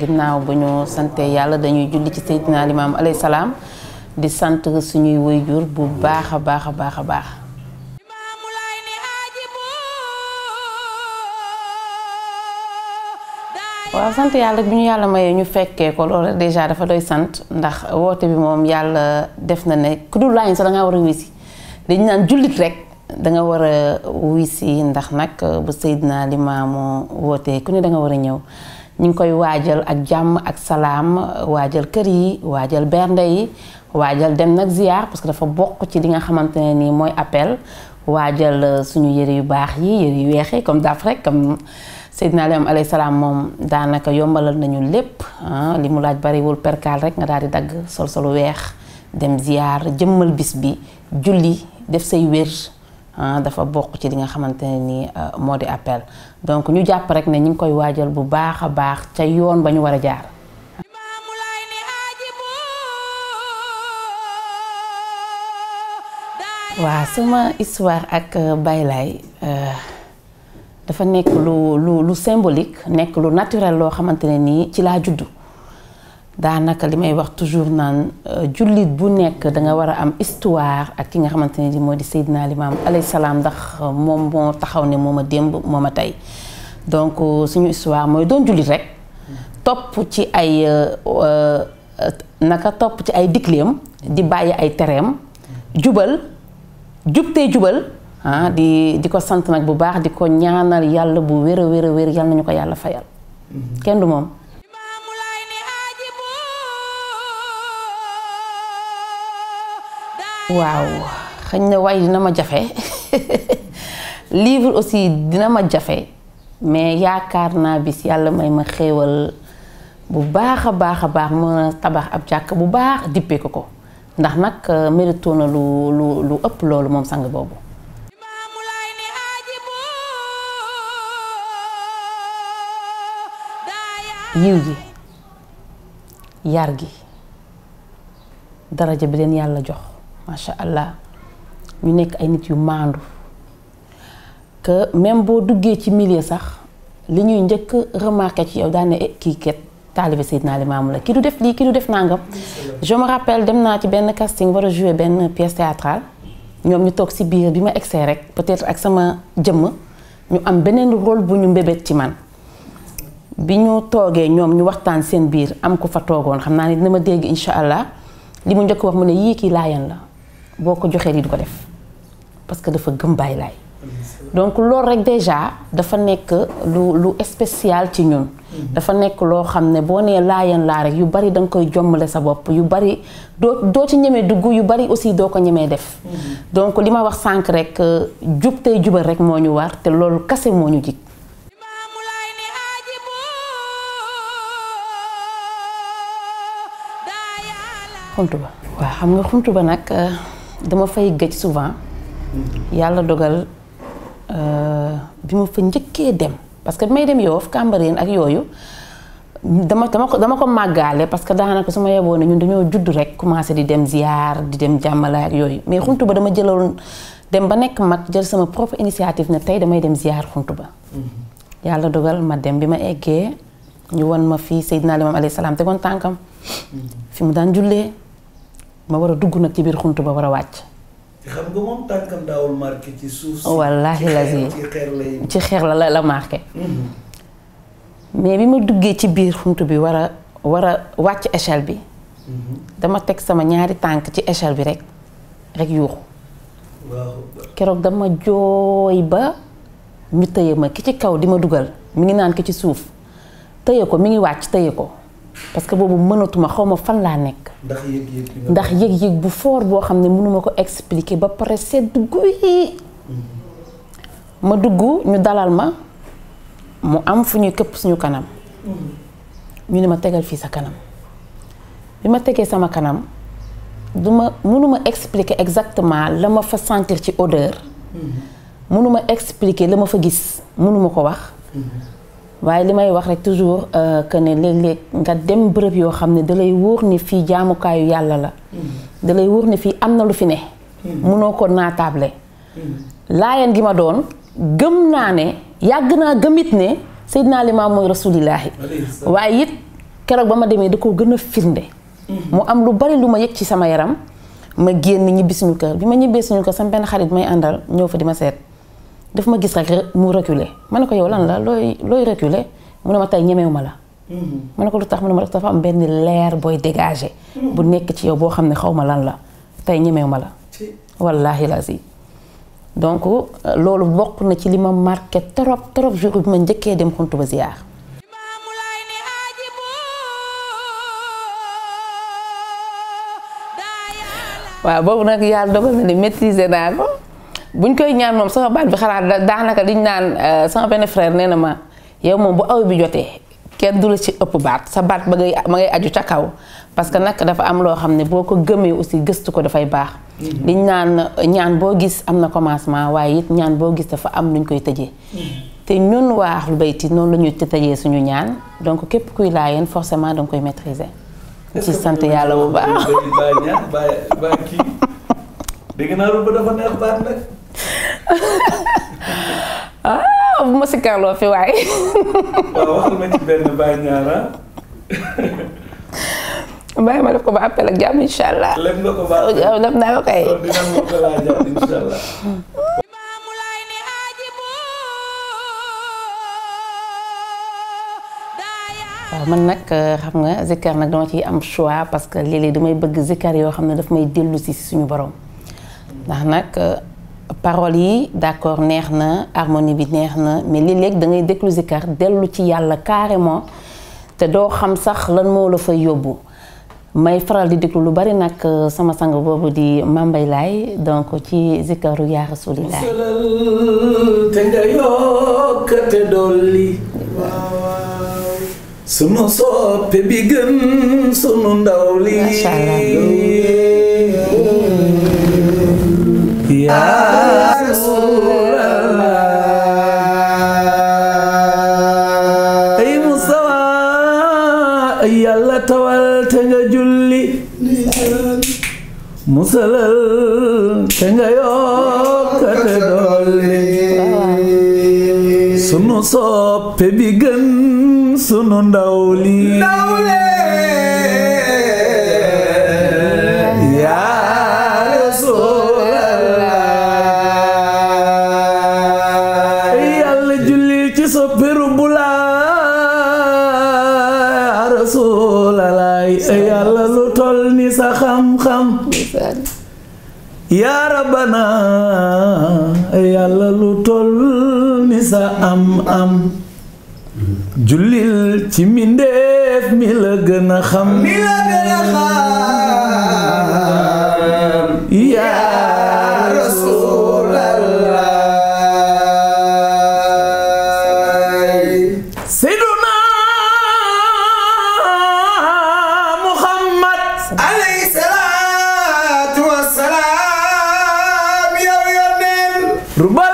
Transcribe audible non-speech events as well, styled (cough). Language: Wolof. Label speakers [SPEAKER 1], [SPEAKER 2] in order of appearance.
[SPEAKER 1] ginnaaw bu ñu sante yàlla dañuy julli ci Seydina Limaam alay salaam di sant suñuy waajur bu baax a baax a baax a baax waaw sant yàlla bi ñu yàlla mayee ñu fekkee ko loolu déjà dafa doy sant ndax woote bi moom yàlla def na ne ku dul laañ sax da ngaa war a wisi dañ naan jullit rek danga war a wisi ndax nag bu Seydina Limaamu wootee ku ne danga war a ñëw ñu ngi koy waajal ak jàmm ak salaam waajal kër yi waajal bernde yi waajal dem nag ziar parce que dafa bokk ci li nga xamante ne nii mooy appel waajal euh, suñu yëre yu baax yi yëre yu weex yi comme daf rek comme Seydina Limaamu alayhi salaam moom daanaka yombalal nañu lépp ah, li mu laaj bariwul perkaal rek nga daal di dagg sol solu weex dem ziar jëmmal bis bi julli def say wér Euh, dafa bokk ci li nga xamante ne nii euh, moo di appel donc ñu jàpp rek ne ñu ngi koy waajal bu baax a baax ca yoon ba ñu war a jaar. waaw sama histoire ak euh, Baye dafa nekk lu lu lu symbolique nekk lu naturel loo xamante ne nii ci laa juddu. daanaka li may wax toujours naan euh, jullit bu nekk da nga war a am histoire ak ki nga xamante ne di moo di Seydina Limaam alayhi salaam ndax euh, moom moo taxaw ne moom a démb moom a tey donc euh, suñu histoire mooy doon jullit rek topp ci ay naka topp ci ay digleem di bàyyi ay tereem jubal jubtee jubal ah di di ko sant nag bu baax di ko ñaanal yàlla bu wér a wér a yàlla nañu ko yàlla fayal mm-hmm. kenn du moom waaw xëñ na way dina ma jafe (laughs) livre aussi dina ma jafe mais yaakaar naa bis yàlla may ma xéewal bu baax a baax a baax mën tabax ab jàkk bu baax dippee ko ko ndax nag euh, mérito na lu lu lu ëpp loolu moom sang boobu yiw gi yar gi daraja bi leen yàlla jox macha allah ñu nekk ay nit yu maandu que même boo duggee ci milieu sax li ñuy njëkk remarqué ci yow daan ne eh, kii kat taalibe Seydina Limaamu la ki du def lii ki du def nangam. je me rappelle dem naa ci benn casting war a jouer benn pièce théâtrale ñoom ñu toog si biir bi ma egsee rek peut-être ak sama jëmm ñu am beneen rôle bu ñu mbébét ci man. bi ñu toogee ñoom ñu waxtaan seen biir am ko fa toogoon xam naa ne dina ma dégg incha allah li mu njëkk wax mu ne yii kii la boo ko joxee lii du ko def parce que dafa gëm bàyyi laay donc loolu rek déjà dafa nekk lu lu spécial ci ñun dafa nekk loo xam ne boo nee laayeen laa rek yu bari da nga koy jommale sa bopp yu bari doo ci ñemee dugg yu bari aussi doo ko ñemee def donc li ma wax sànq rek euh, jub tey jubal rek moo ñu war te loolu kase moo ñu jig xuntu ba xam nga xuntu nag euh, dama fay gëj souvent yàlla dogal euh, bi mu fa njëkkee dem parce que bi may dem Yoff Cambérène ak yooyu dama dama ko dama ko màggaale parce que daanaka su ma yeboo ne ñun dañoo juddu rek commencé di dem ziar di dem jàmmalaay ak yooyu mais xuntu ba dama jëlaloon dem ba nekk mag jël sama propre initiative ne tey damay dem ziar xuntu ba yàlla dogal ma dem bi ma eggee ñu won ma fii Seydina Limam alayhi salaam tegoon tànkam fi mu daan jullee ma war a dugg nag ci biir xunt ba war a wàcc.
[SPEAKER 2] xam nga ci suuf.
[SPEAKER 1] la la la marqué. Mhm. mais bi ma duggee ci biir xunt bi war a war a wàcc échelle bi. Mhm. dama teg sama ñaari tànk ci échelle bi rek rek yuuxu. keroog dama jooy ba ñu tëye ma ki ci kaw di ma dugal mu ngi naan ki ci suuf tëye ko mu ngi wàcc tëye ko. parce que boobu mënatuma xaw ma fan laa nekk. ndax yëg-yëg bu foor boo xam ne mënuma ko expliquer ba pare sedd guy. Mm-hmm. ma dugg ñu dalal ma mu am fu ñuy këpp suñu kanam.
[SPEAKER 2] Mm-hmm.
[SPEAKER 1] ñu ni ma tegal fii sa kanam bi ma tegee sama kanam duma ma mënuma expliquer exactement la ma fa sentir ci odeur.
[SPEAKER 2] Mm-hmm.
[SPEAKER 1] mënuma expliquer la ma fa gis mënuma ko wax. waaye li may wax rek toujours euh, que ne léeg-léeg nga dem bërëb yoo xam ne dalay wóor ni fii jaamukaayu yàlla la mm-hmm. dalay wóor ne fii am na lu fi ne mm-hmm. munoo ko naataable mm-hmm. laayan gi ma doon gëm naa ne yàgg naa gëmit ne Seydina Limaam mooy rasulilaahi waaye it keroog ba ma demee da koo gën a firnde mu am lu bari lu ma yëg ci sama yaram ma génn ñibbi suñu kër bi ma ñibbee suñu kër sama benn xarit may àndal ñëw fa di ma seet daf ma gis rek mu reculer ma ne ko yow lan la looy looy reculer mu ne ma tey ma la. Mm-hmm. ma ne ko lu tax mu ne ma rek dafa am benn leer booy dégager. Mm-hmm. bu nekk ci yow boo xam ne xaw ma lan la tey ñemewuma la. wallaahi euh, loolu bokk na ci li ma marqué trop trop njëkkee dem xuntu ba ziar. waaw boobu nag yàlla dogal na ni maîtriser naa ko. buñ koy ñaan moom sama baat bi xalaat daanaka liñ naan euh, sama benn frère nee na ma yow moom bu aw bi jotee kenn du la ci ëpp baat sa baat ba ngay ma aju ca kaw parce que nag dafa am loo xam ne boo ko gëmee aussi gëstu ko dafay baax. Mm-hmm. liñ naan ñaan boo gis am na commencement waaye it ñaan boo gis dafa am luñ koy tëjee. Mm-hmm. te ñun waa bay Bayti noonu la ñuy tëjee suñu ñaan donc képp kuy laayeen forcément danga koy maîtriser. ci sant yàlla bu baax. (laughs) ah bu ma si fi waay. waaw ma ci ko ba appel ak jàmm incha allah. lépp
[SPEAKER 2] nga ko baax def
[SPEAKER 1] naa ko kay. kon dina ma ko man nag euh, xam nga zikkar nag dama ciy am choix parce que léeg-léeg damay bëgg zikkar yoo xam ne daf may dellu si suñu borom ndax nag. Euh, parole yi d'accord neex na harmonie bi neex na mais léeg-léeg dangay ngay déglu zikar dellu ci yàlla carrément te doo xam sax lan moo la fa yóbbu may faral di déglu lu bari nag euh, sama sang boobu di Mambay Laay donc ci zikaru yaa rasulilah
[SPEAKER 2] te nga yokk te dolli sunu soppe bi gën sunu ndaw li macha yàlla tawal te nga julli musalal te nga yokkate dolli sunu soppe bi gën sunu ndaw yàlla lu toll ni sa xam-xam yaa rabbana yàlla lu toll ni sa am-am jullil ci mi la mi la gën a xam ரூபாய்